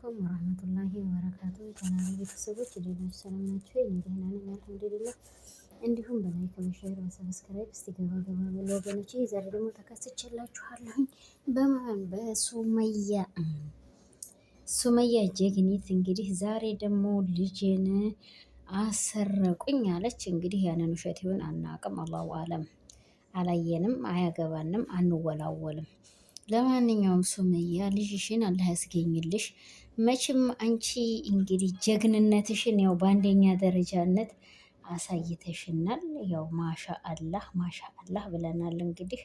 አለይኩም ወራህመቱላሂ ወበረካቱ ቻናል ቤተሰቦች እንዴት ናችሁ? ሰላም ናችሁ? እኔ ደህና ነኝ አልሐምዱሊላህ። እንዲሁም በላይክ በሼር በሰብስክራይብ እስቲ ገባ ገባ ብሎ ወገኖቼ ዛሬ ደግሞ ተከስቼላችኋለሁኝ በማን በሱመያ ሱመያ ጀግኒት እንግዲህ ዛሬ ደግሞ ልጄን አሰረቁኝ አለች። እንግዲህ ያንን ውሸት ይሁን አናውቅም፣ አላሁ አለም። አላየንም፣ አያገባንም፣ አንወላወልም። ለማንኛውም ሱመያ ልጅሽን አላህ ያስገኝልሽ መቼም አንቺ እንግዲህ ጀግንነትሽን ያው በአንደኛ ደረጃነት አሳይተሽናል። ያው ማሻ አላህ ማሻ አላህ ብለናል። እንግዲህ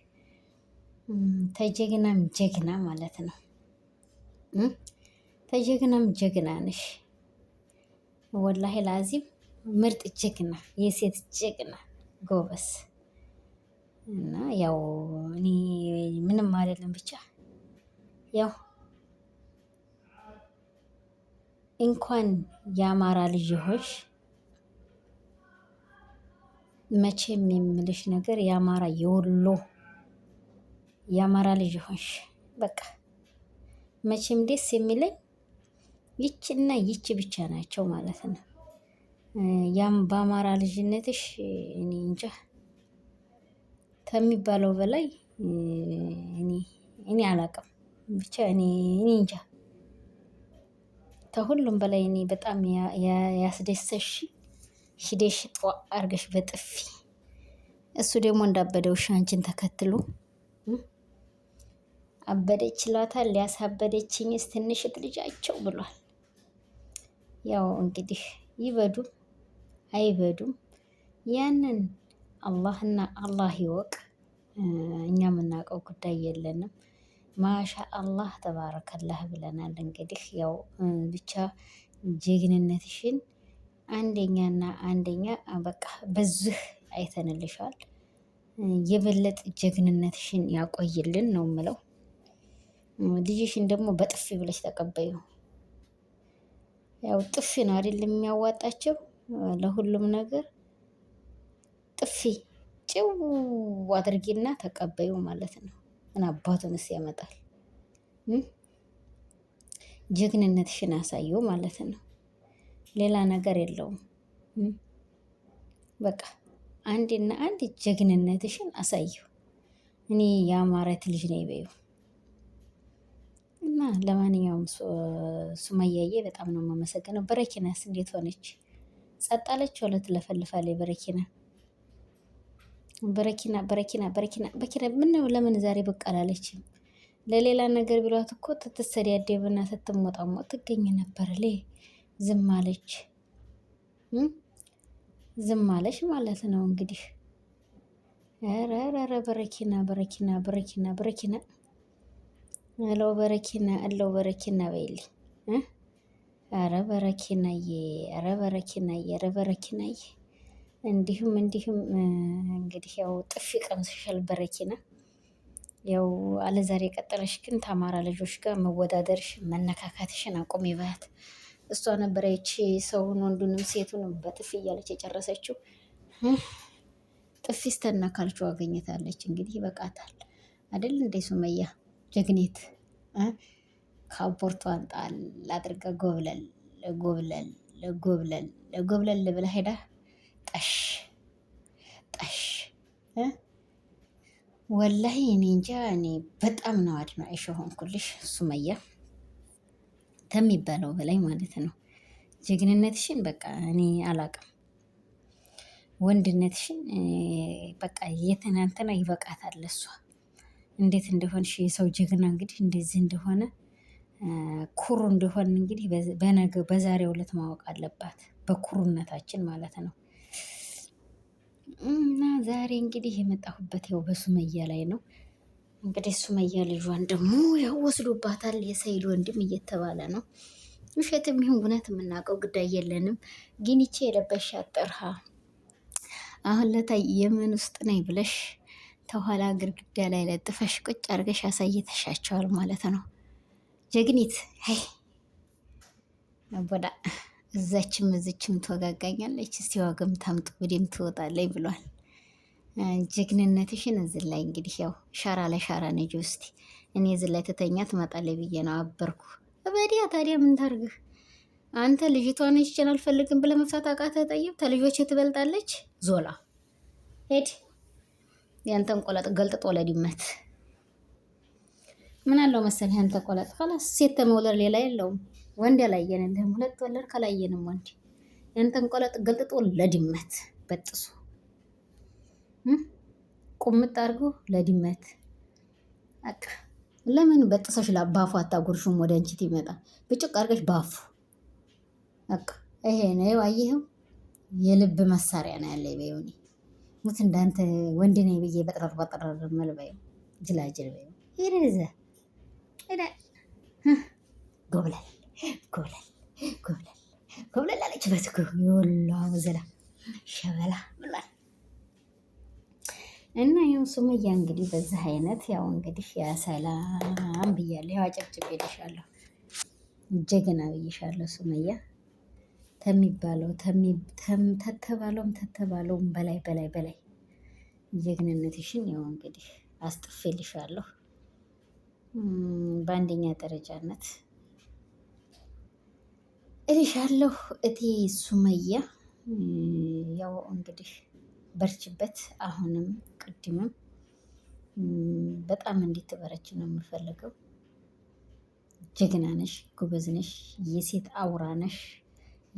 ተጀግናም ጀግና ማለት ነው። ተጀግናም ጀግና ነሽ። ወላሂ ላዚም ምርጥ ጀግና፣ የሴት ጀግና ጎበስ እና ያው እኔ ምንም አይደለም ብቻ ያው እንኳን የአማራ ልጅ ሆሽ መቼም የምልሽ ነገር የአማራ የወሎ የአማራ ልጅ ሆንሽ። በቃ መቼም ደስ የሚለኝ ይች እና ይች ብቻ ናቸው ማለት ነው። ያም በአማራ ልጅነትሽ እኔ እንጃ ከሚባለው በላይ እኔ እኔ ብቻ እኔ እኔ እንጃ ከሁሉም በላይ እኔ በጣም ያስደሰሽ ሂደሽ አርገሽ በጥፊ እሱ ደግሞ እንዳበደው አንቺን ተከትሎ አበደች ይላታል። ያሳበደችኝስ ትንሽት ልጃቸው ብሏል። ያው እንግዲህ ይበዱም አይበዱም ያንን አላህና አላህ ይወቅ። እኛ የምናውቀው ጉዳይ የለንም። ማሻ አላህ ተባረከላህ ብለናል። እንግዲህ ያው ብቻ ጀግንነትሽን አንደኛና አንደኛ በቃ በዚህ አይተንልሻል። የበለጥ ጀግንነትሽን ያቆይልን ነው የምለው። ልጅሽን ደግሞ በጥፊ ብለሽ ተቀበዩ። ያው ጥፊ ነው አይደል የሚያዋጣቸው ለሁሉም ነገር ጥፊ ጭው አድርጊና ተቀበዩ ማለት ነው። ምን አባቱንስ ያመጣል? ጀግንነትሽን አሳየው ማለት ነው። ሌላ ነገር የለውም። በቃ አንድና አንድ ጀግንነትሽን አሳየው። እኔ የአማረት ልጅ ነኝ በይው እና ለማንኛውም ሱመያዬ በጣም ነው የማመሰግነው። በረኪናስ እንዴት ሆነች? ጸጣለች ሁለት ለትለፈልፋለች በረኪና በረኪና በረኪና በረኪና በኪና ምነው ለምን ዛሬ ብቅ አላለችም? ለሌላ ነገር ቢሏት እኮ ትትሰዳደብና ስትሞጣሞጥ ትገኝ ነበር። ሌ ዝም አለች፣ ዝም አለች ማለት ነው እንግዲህ። ረረረ በረኪና በረኪና በረኪና በረኪና አለው በረኪና አለው በረኪና በይልኝ። ኧረ በረኪናዬ፣ ኧረ በረኪናዬ፣ አረ በረኪናዬ እንዲሁም እንዲሁም እንግዲህ ያው ጥፊ ቀምሰሻል በረኪና ያው አለ ዛሬ የቀጠለሽ ግን ተማራ ልጆች ጋር መወዳደርሽ መነካካትሽን አቁም ይበያት። እሷ ነበረ ይቺ ሰውን ወንዱንም ሴቱንም በጥፊ እያለች የጨረሰችው። ጥፊ ስተና ካልችው አገኘታለች። እንግዲህ ይበቃታል አደል እንዴ ሱመያ ጀግኔት ከአቦርቷን ጣል አድርጋ ጎብለል ጎብለል ጎብለል ጎብለል ብላ ሄዳ ጠሽ ጠሽ ወላሂ እኔ እንጃ። እኔ በጣም ነው አድናሽ ሆንኩልሽ ሱመያ ከሚባለው በላይ ማለት ነው። ጀግንነትሽን በቃ እኔ አላቅም። ወንድነትሽን በቃ የትናንትና ይበቃታል ለሷ። እንዴት እንደሆንሽ የሰው ጀግና እንግዲህ እንደዚህ እንደሆነ ኩሩ እንደሆን እንግዲህ በነገ በዛሬው ዕለት ማወቅ አለባት፣ በኩሩነታችን ማለት ነው። እና ዛሬ እንግዲህ የመጣሁበት ያው በሱመያ ላይ ነው። እንግዲህ ሱመያ ልጇን ደግሞ ያው ወስዶባታል የሰይድ ወንድም እየተባለ ነው። ውሸትም ይሁን እውነት የምናውቀው ጉዳይ የለንም። ጊኒቼ የለበሽ አጠርሃ አሁን ለታይ የምን ውስጥ ነኝ ብለሽ ተኋላ ግድግዳ ላይ ለጥፈሽ ቁጭ አድርገሽ አሳይተሻቸዋል ማለት ነው። ጀግኒት አቦዳ እዛችም እዚችም ትወጋጋኛለች። እስቲ ዋግም ታምጡ ወዲም ትወጣለች ብሏል። ጀግንነትሽን እዚህ ላይ እንግዲህ ያው ሻራ ለሻራ ነጅ ውስቲ እኔ እዚህ ላይ ትተኛ ትመጣለች ብዬ ነው አበርኩ። በዲያ ታዲያ ምን ታርግህ አንተ ልጅቷን ይችላል አልፈልግም ብለህ መፍታት አቃተ? ጠይብ ተልጆች ትበልጣለች። ዞላ ሄድ ያንተን ቆለጥ ገልጥጦ ለድመት ምን አለው መሰለህ ያንተ ቆለጥ ኋላ ሴት ተመውለር ሌላ የለውም። ወንድ ያላየንልህም ሁለት ወለድ ካላየንም ወንድ ያንተን ቆለጥ ገልጥጦ ለድመት በጥሱ ቁምጥ አድርጎ ለድመት ለምን በጥሰሽ ባፉ አታጎርሹም? ወደ አንቺ ይመጣ ብጭቅ አድርገሽ ባፉ ይሄ ነው። አየኸው፣ የልብ መሳሪያ ነው ያለ በይሁኔ ሙት እንዳንተ ወንድ ነኝ ብዬ በጥረር በጥረር መልበዩ ጅላጅል በዩ ይሄ ይዘ ይሄ ጎብለል ጎብለል ጎብለል ጎብለል አለችበት እኮ የወሏ ዘላ ሸበላ ብሏል። እና ይሁን ሱመያ እንግዲህ በዚህ አይነት ያው እንግዲህ ያሰላም ሰላም ብያለሁ፣ ያው አጨብጭብ ይልሻለሁ፣ ጀግና ብይሻለሁ። ሱመያ ተሚባለው ተተባለውም ተተባለውም በላይ በላይ በላይ ጀግንነትሽን ያው እንግዲህ አስጥፌልሻለሁ በአንደኛ ደረጃነት እልሻለሁ እቴ ሱመያ። ያው እንግዲህ በርችበት። አሁንም ቅድምም በጣም እንድትበረች ነው የምፈልገው። ጀግና ነሽ፣ ጎበዝ ነሽ፣ የሴት አውራ ነሽ፣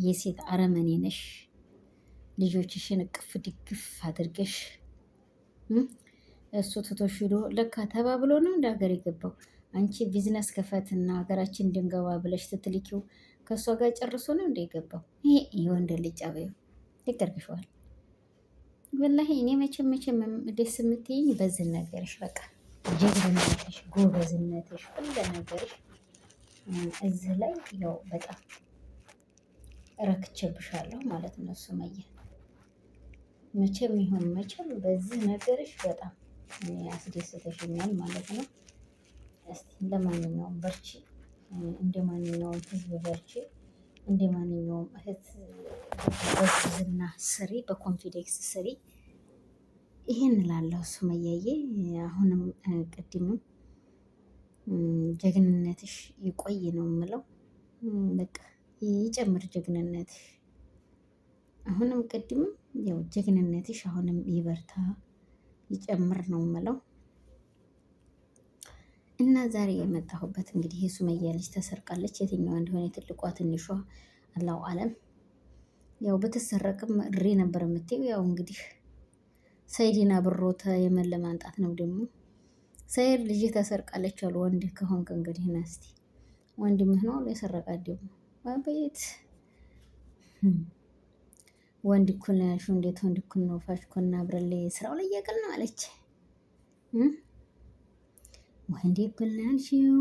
የሴት አረመኔ ነሽ። ልጆችሽን እቅፍ ድግፍ አድርገሽ እሱ ትቶሽ ሂዶ ለካ ተባብሎ ነው እንደ ሀገር የገባው። አንቺ ቢዝነስ ክፈትና ሀገራችን ድንገባ ብለሽ ስትልኪው ከእሷ ጋር ጨርሶ ነው እንደ የገባው ይሄ የወንድ ልጅ አበዩ ይጠርግሸዋል። ወላሂ እኔ መቼም መቼም ደስ የምትይኝ በዝን ነገርሽ፣ በቃ ጀግንነትሽ፣ ጎበዝነትሽ፣ ሁሉ ነገርሽ እዚህ ላይ ያው በጣም ረክቼብሻለሁ ማለት ነው። ሱመያ መቼም ይሁን መቼም በዚህ ነገርሽ በጣም እኔ አስደስተሽኛል ማለት ነው። እስቲ ለማንኛውም በርቺ። እንደማንኛውም ህዝብ በርቺ፣ ማንኛውም እህት በዝና ስሪ፣ በኮንፊደንስ ስሪ። ይህን ላለው ሱመያዬ። አሁንም ቅድምም ጀግንነትሽ ይቆይ ነው የምለው። በቃ ይጨምር ጀግንነትሽ። አሁንም ቅድምም ያው ጀግንነትሽ አሁንም ይበርታ ይጨምር ነው የምለው። እና ዛሬ የመጣሁበት እንግዲህ የሱመያ ልጅ ተሰርቃለች። የትኛዋ እንደሆነ የትልቋ ትንሿ አላው አለም። ያው ብትሰረቅም ሪ ነበር የምትይው። ያው እንግዲህ ሰይድና ብሮ የመን ለማንጣት ነው ደግሞ ሰይድ ልጅ ተሰርቃለች አሉ። ወንድ ከሆንክ እንግዲህ ናስቲ ወንድምህ ነው አሉ የሰረቃት ደግሞ አቤት ወንድ እኩል ነው ያልሽው። እንዴት ወንድ እኩል ነው ፋሽኮና ብረሌ ስራው ላይ እያቀል ነው አለች። ወንድ እኩል ናልሽው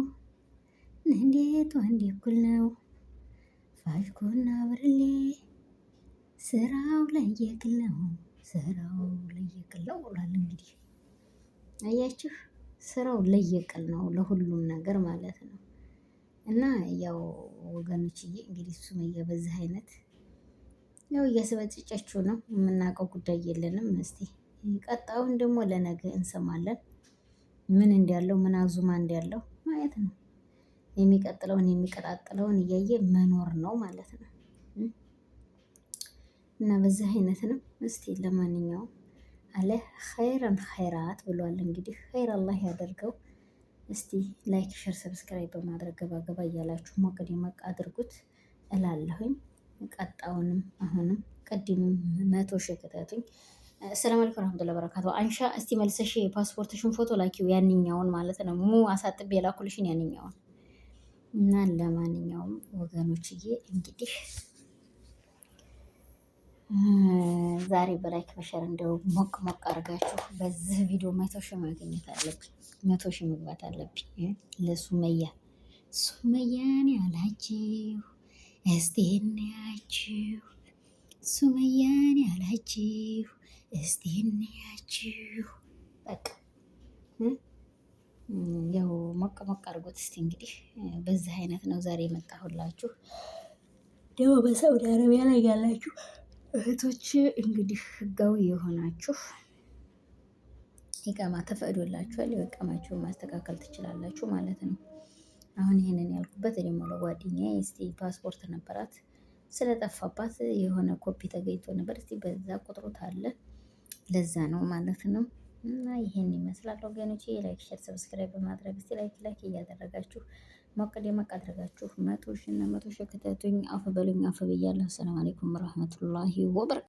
እንዴት ወንድ እኩል ነው ፋሽኮና ብርሌ ስራው ለየቅል ነው ስራው ለየቅል ነው ብሏል። እንግዲህ አያችሁ ስራው ለየቅል ነው ለሁሉም ነገር ማለት ነው። እና ያው ወገኖችዬ እንግዲህ ሱመያ በዚህ አይነት ያው እያስበጭጨችው ነው። የምናውቀው ጉዳይ የለንም። እስቲ ቀጣዩን ደግሞ ለነገ እንሰማለን። ምን እንዳለው ምን አዙማ እንዳለው ማየት ነው። የሚቀጥለውን የሚቀጣጥለውን እያየ መኖር ነው ማለት ነው። እና በዚህ አይነት ነው። እስቲ ለማንኛውም አለ ኸይረን ኸይራት ብሏል። እንግዲህ ኸይር አላህ ያደርገው። እስቲ ላይክ፣ ሸር፣ ሰብስክራይብ በማድረግ ገባገባ እያላችሁ ሞቅ ደመቅ አድርጉት እላለሁኝ። ቀጣውንም አሁንም ቅድምም መቶ ሺህ ክተቱኝ ሰላም አለይኩም ወራህመቱላሂ ወበረካቱ። አንሻ እስቲ መልሰሽ የፓስፖርትሽን ፎቶ ላኪው ያንኛውን ማለት ነው። ሙ አሳጥቤ የላኩልሽን ያንኛውን እና ለማንኛውም ወገኖችዬ እንግዲህ ዛሬ በላይክ በሸር እንደው ሞቅ ሞቅ አድርጋችሁ በዚህ ቪዲዮ መቶ ሺህ ማግኘት አለብኝ፣ መቶ ሺህ መግባት አለብኝ። ለሱመያ ሱመያን ያላችሁ እስቲ እናያችሁ፣ ሱመያን ያላችሁ እስቲ እንያችሁ። በቃ ያው ሞቅ ሞቅ አድርጎት እስቲ እንግዲህ በዚህ አይነት ነው ዛሬ የመጣሁላችሁ። ደግሞ በሳውዲ አረቢያ ላይ ያላችሁ እህቶች እንግዲህ ህጋዊ የሆናችሁ ኢቃማ ተፈቅዶላችኋል። የኢቃማችሁን ማስተካከል ትችላላችሁ ማለት ነው። አሁን ይሄንን ያልኩበት ደግሞ ለጓደኛዬ እስቲ ፓስፖርት ነበራት ስለጠፋባት የሆነ ኮፒ ተገኝቶ ነበር። እስቲ በዛ ቁጥሩት አለ ለዛ ነው ማለት ነው። እና ይሄን ይመስላል ወገኖች። ላይክ፣ ሼር፣ ሰብስክራይብ በማድረግ እስቲ ላይክ ላይክ እያደረጋችሁ ሞቅ ደመቅ አድርጋችሁ መቶ ሺህ እና መቶ ሺህ ከተቱኝ። አፈ በሉኝ፣ አፈ ብያለሁ። ሰላም አለይኩም ወራህመቱላሂ ወበረካቱ።